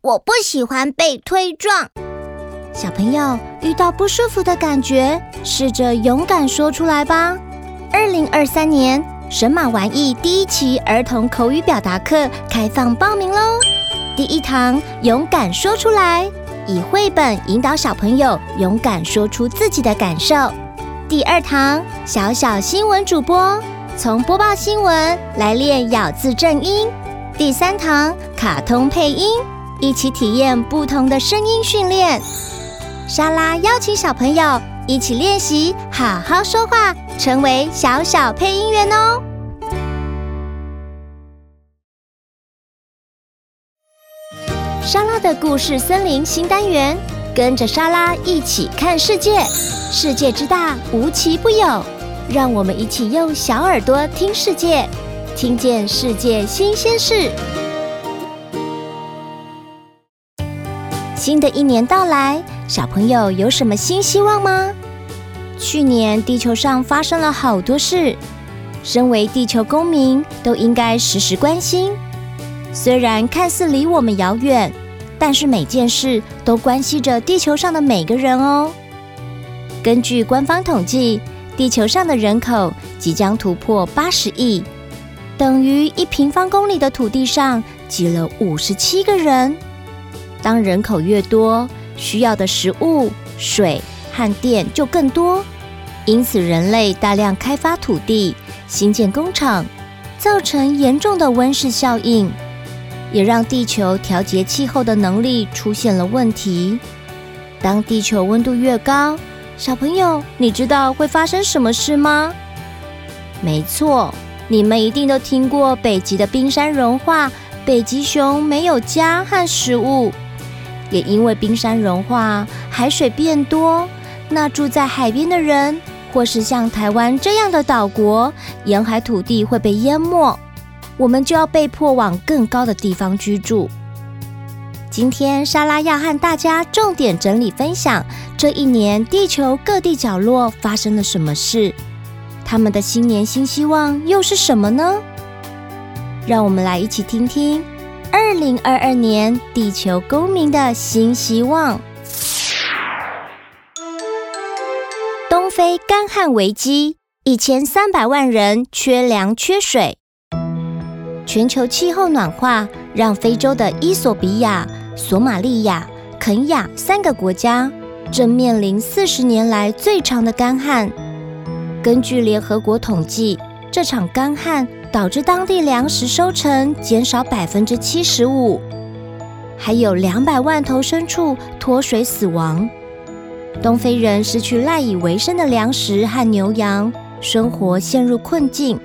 我不喜歡被推撞。小朋友遇到不舒服的感覺，試着勇敢說出來吧。二零二三年神馬玩藝第一期兒童口語表達課開放報名嘍！第一堂勇敢說出來，以繪本引導小朋友勇敢說出自己的感受。第二堂小小新聞主播，從播報新聞來練咬字正音。第三堂卡通配音。一起體驗不同的聲音訓練。莎拉邀請小朋友一起練習，好好說話，成為小小配音員哦。莎拉的故事森林新單元，跟着莎拉一起看世界。世界之大，無奇不有。讓我們一起用小耳朵聽世界，聽見世界新鮮事。新的一年到來，小朋友有什麼新希望嗎？去年地球上發生了好多事，身為地球公民都應該時時關心。雖然看似離我們遙遠，但是每件事都關係着地球上的每個人哦。根據官方統計，地球上的人口即將突破八十億，等於一平方公里的土地上擠了五十七個人。當人口越多，需要的食物、水和電就更多，因此人類大量開發土地、新建工廠，造成嚴重的溫室效應，也讓地球調節氣候的能力出現了問題。當地球溫度越高，小朋友，你知道會發生什麼事嗎？沒錯，你們一定都聽過北極的冰山融化，北極熊沒有家和食物。也因為冰山融化，海水變多，那住在海邊的人，或是像台灣這樣的島國，沿海土地會被淹沒，我們就要被迫往更高的地方居住。今天，莎拉要和大家重點整理分享這一年地球各地角落發生了什麼事，他們的新年新希望又是什麼呢？讓我們來一起聽聽。二零二二年，地球公民的新希望。東非乾旱危機，一千三百萬人缺糧缺水。全球氣候暖化讓非洲的伊索比亞、索馬利亞、肯亞三個國家正面臨四十年來最長的乾旱。根據聯合國統計，這場乾旱，導致當地糧食收成減少百分之七十五，還有兩百萬頭牲畜脫水死亡。東非人失去賴以為生的糧食和牛羊，生活陷入困境。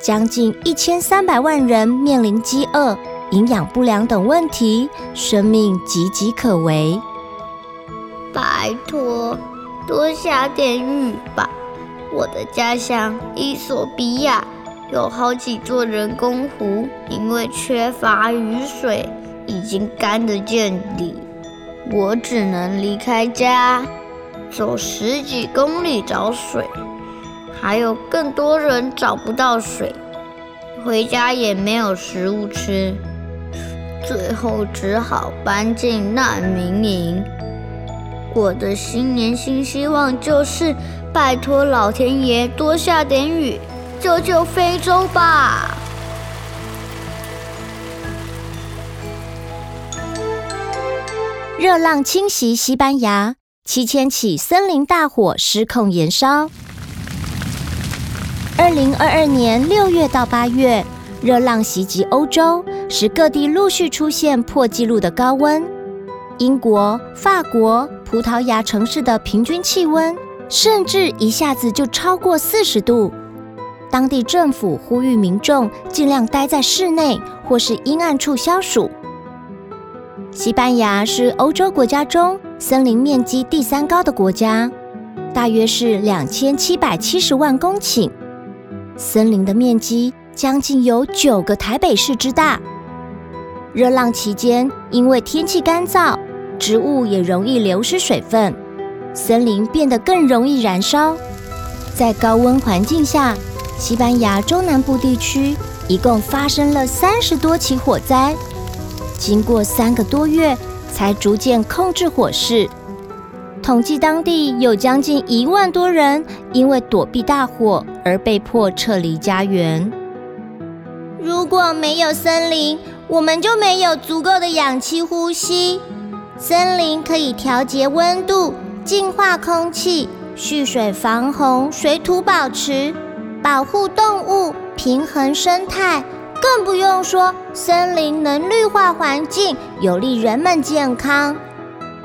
將近一千三百萬人面臨飢餓、營養不良等問題，生命岌岌可危。拜託，多下點雨吧！我的家鄉，伊索比亞。有好幾座人工湖，因為缺乏雨水，已經乾得見底。我只能離開家，走十幾公里找水。還有更多人找不到水，回家也沒有食物吃，最後只好搬進難民營。我的新年新希望就是拜托老天爺多下點雨。救救非洲吧！熱浪侵襲西班牙，七千起森林大火失控燃燒。二零二二年六月到八月，熱浪襲擊歐洲，使各地陸續出現破紀錄的高溫。英國、法國、葡萄牙城市的平均氣溫，甚至一下子就超過四十度。當地政府呼籲民眾盡量待在室內或是陰暗處消暑。西班牙是歐洲國家中森林面積第三高的國家，大約是兩千七百七十萬公頃。森林的面積將近有九個台北市之大。熱浪期間，因為天氣乾燥，植物也容易流失水分，森林變得更容易燃燒。在高溫環境下，西班牙中南部地區一共發生了三十多起火災，經過三個多月才逐漸控制火勢。統計當地有將近一萬多人因為躲避大火而被迫撤離家園。如果沒有森林，我們就沒有足夠的氧氣呼吸。森林可以調節溫度、淨化空氣、蓄水防洪、水土保持、保護動物，平衡生態，更不用說森林能綠化環境，有利人們健康。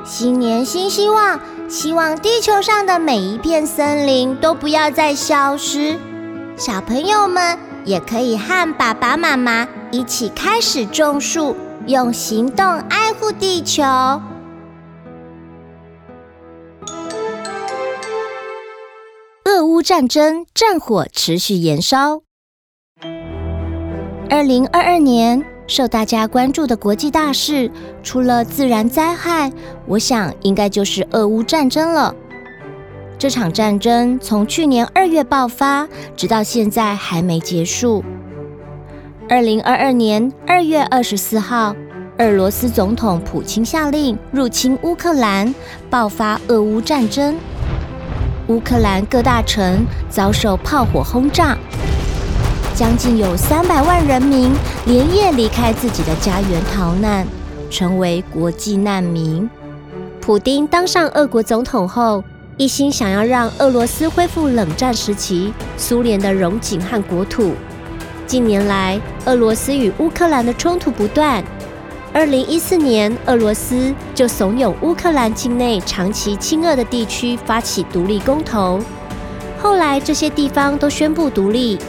新年新希望，希望地球上的每一片森林都不要再消失。小朋友們也可以和爸爸媽媽一起開始種樹，用行動愛護地球。戰爭，戰火持續延燒。二零二二年受大家關注的國際大事，除了自然災害，我想應該就是俄烏戰爭了。這場戰爭從去年二月爆發，直到現在還沒結束。二零二二年二月二十四號，俄羅斯總統普京下令入侵烏克蘭，爆發俄烏戰爭。烏克蘭各大城遭受炮火轟炸，將近有三百萬人民連夜離開自己的家園逃難，成為國際難民。普丁當上俄國總統後，一心想要讓俄羅斯恢復冷戰時期蘇聯的榮景和國土。近年來，俄羅斯與烏克蘭的衝突不斷。二零一四年，俄羅斯就慫恿烏克蘭境內長期親俄的地區發起獨立公投，後來這些地方都宣布獨立，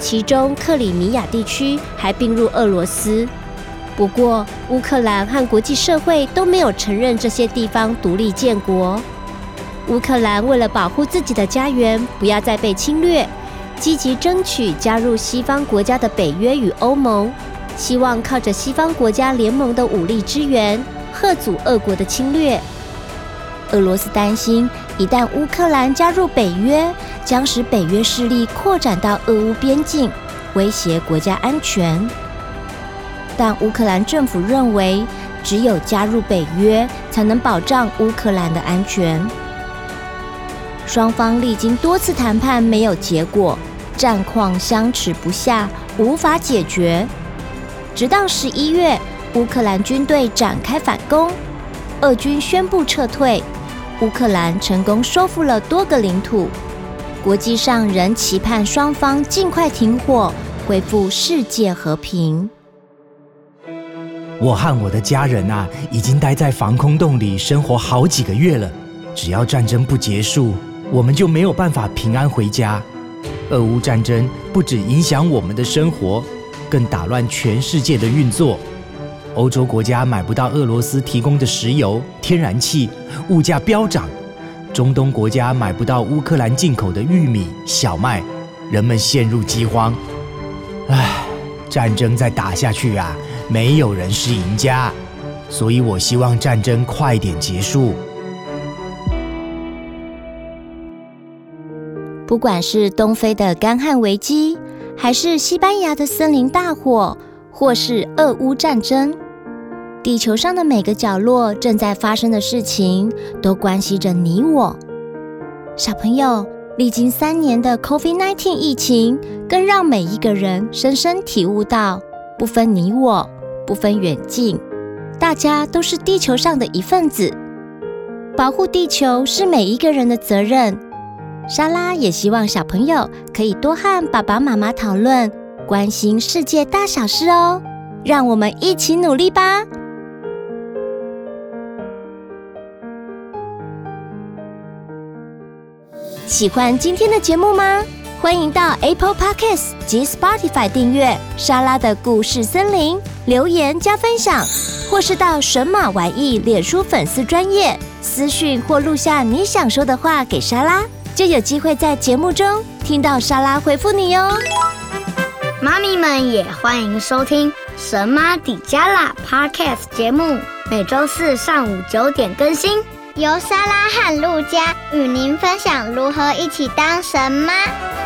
其中克里米亞地區還併入俄羅斯。不過，烏克蘭和國際社會都沒有承認這些地方獨立建國。烏克蘭為了保護自己的家園，不要再被侵略，積極爭取加入西方國家的北約與歐盟。希望靠着西方國家聯盟的武力支援，嚇阻俄國的侵略。俄羅斯擔心，一旦烏克蘭加入北約，將使北約勢力擴展到俄烏邊境，威脅國家安全。但烏克蘭政府認為，只有加入北約，才能保障烏克蘭的安全。雙方歷經多次談判沒有結果，戰況相持不下，無法解決。直到十一月，烏克蘭軍隊展開反攻，俄軍宣布撤退，烏克蘭成功收復了多個領土。國際上仍期盼雙方儘快停火，恢復世界和平。我和我的家人啊，已經待在防空洞裡生活好幾個月了。只要戰爭不結束，我們就沒有辦法平安回家。俄烏戰爭不止影響我們的生活。更打亂全世界的運作，歐洲國家買不到俄羅斯提供的石油、天然氣，物價飆漲；中東國家買不到烏克蘭進口的玉米、小麥，人們陷入飢荒。唉，戰爭再打下去啊，沒有人是贏家，所以我希望戰爭快點結束。不管是東非的乾旱危機。還是西班牙的森林大火，或是俄烏戰爭，地球上的每個角落正在發生的事情，都關係着你我。小朋友，歷經三年的 COVID-19 疫情，更讓每一個人深深體悟到，不分你我，不分遠近，大家都是地球上的一份子，保護地球是每一個人的責任。莎拉也希望小朋友可以多和爸爸媽媽討論，關心世界大小事哦。讓我們一起努力吧！喜歡今天的節目嗎？歡迎到 Apple Podcast 及 Spotify 訂閱莎拉的故事森林，留言加分享，或是到神馬玩藝臉書粉絲專頁，私訊或錄下你想說的話給莎拉。就有機會在節目中聽到莎拉回復你喲。媽咪們也歡迎收聽《神媽迪加啦》Podcast 節目，每周四上午九點更新，由莎拉和露佳與您分享如何一起當神媽。